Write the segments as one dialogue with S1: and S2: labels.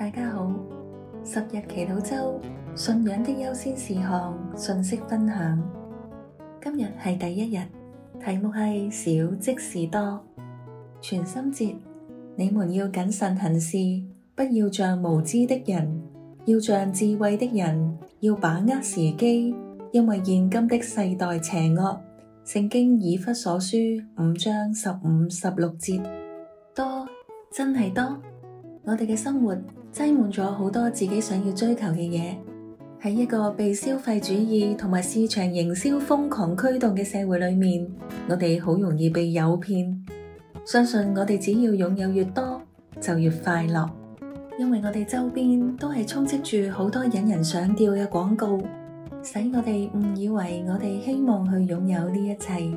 S1: 大家好，十日祈禱周信仰的優先事項信息分享，今日係第一日，題目係少即是多，全心節，你們要謹慎行事，不要像無知的人，要像智慧的人，要把握時機，因為現今的世代邪惡，聖經以弗所書五章十五十六節，多真係多，我哋嘅生活，擠滿咗好多自己想要追求嘅嘢。喺一個被消費主義同埋市場營銷瘋狂驅動嘅社會裏面，我哋好容易被誘騙，相信我哋只要擁有越多就越快樂，因為我哋周邊都係充斥住好多引人上釣嘅廣告，使我哋誤以為我哋希望去擁有呢一切。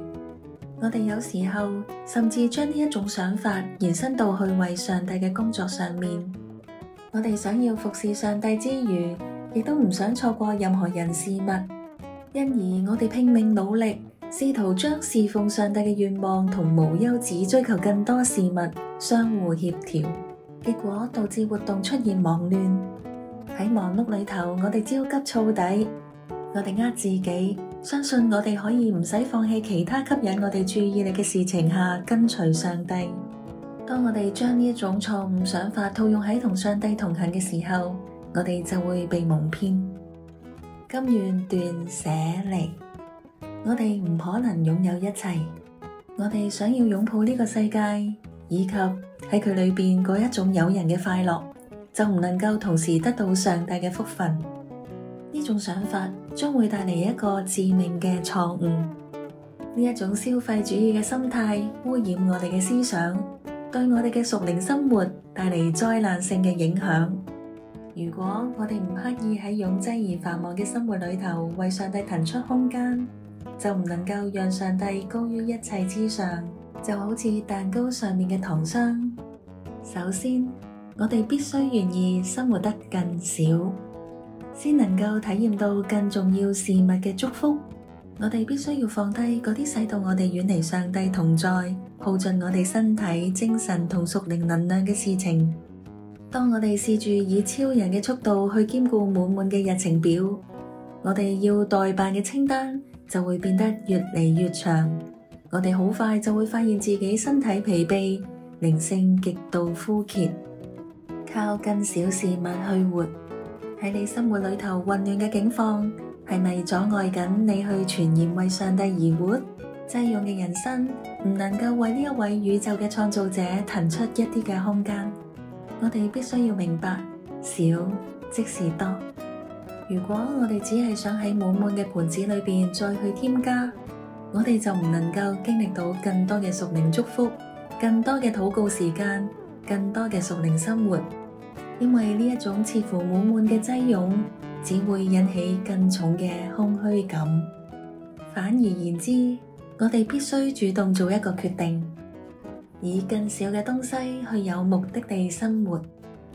S1: 我哋有時候甚至將呢一種想法延伸到去為上帝嘅工作上面。我哋想要服侍上帝之餘，亦都唔想錯過任何人事物，因而我哋拼命努力，試圖將侍奉上帝嘅願望同無休止追求更多事物相互協調，結果導致活動出現忙亂。喺忙碌裏頭，我哋焦急燥底，我哋呃自己，相信我哋可以唔使放棄其他吸引我哋注意力嘅事情下跟隨上帝。當我哋將呢一種錯誤想法套用喺同上帝同行嘅時候，我哋就會被蒙騙。甘願斷捨離，我哋唔可能擁有一切。我哋想要擁抱呢個世界，以及喺佢裏面嗰一種誘人嘅快樂，就唔能夠同時得到上帝嘅福分。呢種想法將會帶嚟一個致命嘅錯誤。呢一種消費主義嘅心態污染我哋嘅思想。對我哋嘅屬靈生活帶嚟災難性嘅影響。如果我哋唔刻意喺擁擠而繁忙嘅生活裏頭為上帝騰出空間，就唔能夠讓上帝高於一切之上，就好似蛋糕上面嘅糖霜。首先我哋必須願意生活得更少，先能夠體驗到更重要事物嘅祝福。我哋必須要放低嗰啲使到我哋遠離上帝同在、耗盡我哋身體、精神同屬靈能量嘅事情。當我哋試住以超人嘅速度去兼顧滿滿嘅日程表，我哋要待辦嘅清單就會變得越嚟越長。我哋好快就會發現自己身體疲憊、靈性極度枯竭。靠更少事物去活，喺你生活裏頭混亂嘅境況。係咪阻礙緊你去全然為上帝而活？擠擁嘅人生唔能夠為呢一位宇宙嘅創造者騰出一啲嘅空間。我哋必須要明白，少即是多。如果我哋只係想喺滿滿嘅盤子裏邊再去添加，我哋就唔能夠經歷到更多嘅屬靈祝福、更多嘅禱告時間、更多嘅屬靈生活。因為呢一種似乎滿滿嘅擠擁。只會引起更重嘅空虛感，反而言之，我哋必須主動做一個決定，以更少嘅東西去有目的地生活，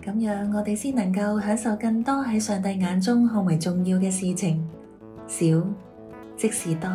S1: 咁樣我哋先能夠享受更多喺上帝眼中看為重要嘅事情。少即是多。